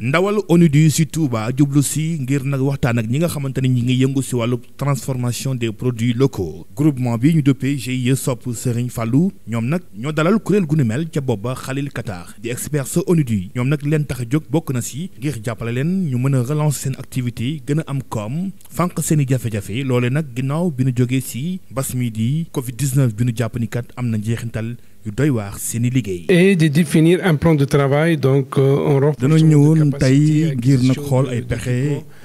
ndawal ONUDI si Touba jublu si ngir nag waxtaan ak ñi nga xamante ni ñi ngi yëngu si wàllu transformation des produits locaux groupement bi ñu dëppee GIE Sopp Serigne Fallou ñoom nag ñoo dalal kuréel gu mel ca booba Khalil Qatar di expert sa ONUDI ñoom nag leen tax a jóg bokk na si ngir jàppale leen ñu mën a relancer seen activité gën a am koom fànq seen i jafe-jafe loole nag ginnaaw bi nu jógee si mbas mi di Covid 19 bi nu jàpp am na njeexintal yu doy waar seeni liggéey. et de définir un plan de travail donc euh, on rof. dana ñëwoon tey ngir nag xool ay pexe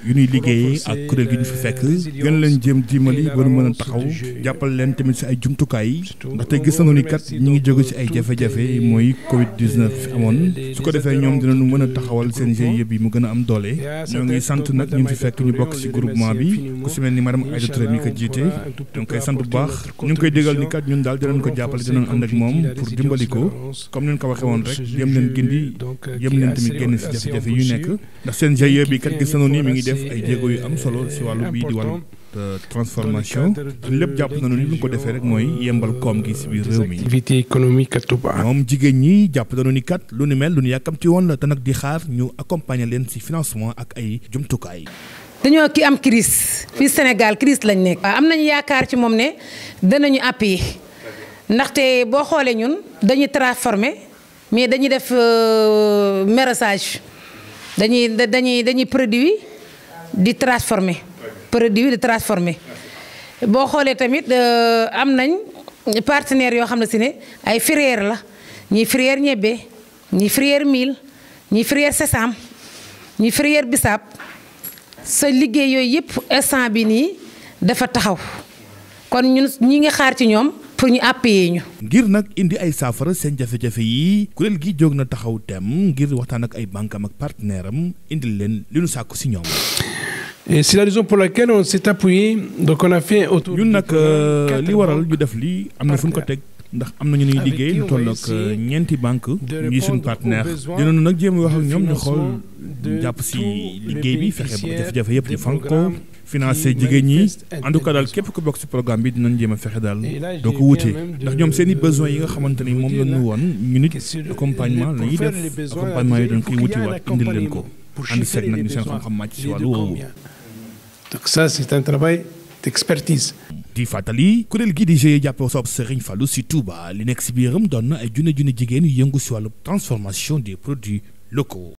yu ñuy liggéey ak kuréel gi ñu fi fekk. gën leen jéem dimbali ba ñu mën a taxaw jàppal leen tamit si ay jumtukaay ndaxte gis nañu ni kat ñi ngi jóge si euh, ay jafe-jafe mooy Covid 19 fi amoon su ko defee ñoom dinañu mën a taxawal seen GIE bi mu gën am doole ñoo ngi sant nag ñu fi fekk ñu bokk si groupement bi ku si mel ni madame ko jiite ñu ngi koy sant bu baax ñu ngi koy dégal ni kat ñun daal ko jàppale dinañ ànd ak moom pour dimbali ko comme ni ko waxee woon rek yëm leen gindi euh, yëm leen tamit génn si jafe-jafe yu nekk ndax seen GIE bi gis nañu ni mi ngi def ay jéego yu am solo si wàllu bii di wàllu euh, transformation lépp jàpp nañu ni ñu ko defee rek mooy yembal koom gi si biir euh, réew mi. moom jigéen ñi jàpp nañu ni kat lu ni mel lu nu yàkkamti woon la te nag di xaar ñu accompagner leen si financement ak ay jumtukaay. dañoo ki am crise fii Sénégal crise lañ nekk. ndaxte boo xoolee ñun dañuy transformer mais dañuy def euh, maraîchage dañuy dañuy dañuy produit di transformer produit di transformer boo xoolee tamit euh, am nañ partenaires yoo xam ne si ne ay filière la ñii filière ñebbe ñii filière mil ñii filière sesam ñii filière bisaab sa liggéey yooyu yëpp instant bi nii dafa taxaw kon ñun ñi ngi xaar ci ñoom pour ñu appuyer ñu. ngir nag indi ay saafara seen jafe-jafe yi kuréel gi jóg na taxaw tem ngir waxtaan ak ay bankam ak partenaire am indil leen li nu sàkku si ñoom. Et c'est la raison pour laquelle on s'est appuyé donc on nag euh, li waral ñu def lii am na fu ñu ko teg. ndax am na ñu ñuy liggéey lu toll ak euh, ñeenti banque ñuy suñu partenaire dinañu nag jéem wax ak ñoom ñu xool jàpp si liggéey bi fexe ba jafe-jafe yëpp ñu fànn ko financé jigéen ñi en tout cas daal képp ku bokk ci programme bi dinañ jéem a fexe daal doo ko wute ndax ñoom seeni i yi nga xamante ni moom la ñu woon ñu nit accompagnement la def accompagnement yi dañ koy wuti waat indil leen ko ànd seet nag ñu seen xam-xam màcc ci wàllu di fàttali kuréel gii di GIE jàppoo soob Serigne Fallou si Touba li nekk si biiram doon na ay junne junne jigéen yu yëngu si wàllu transformation des produits locaux.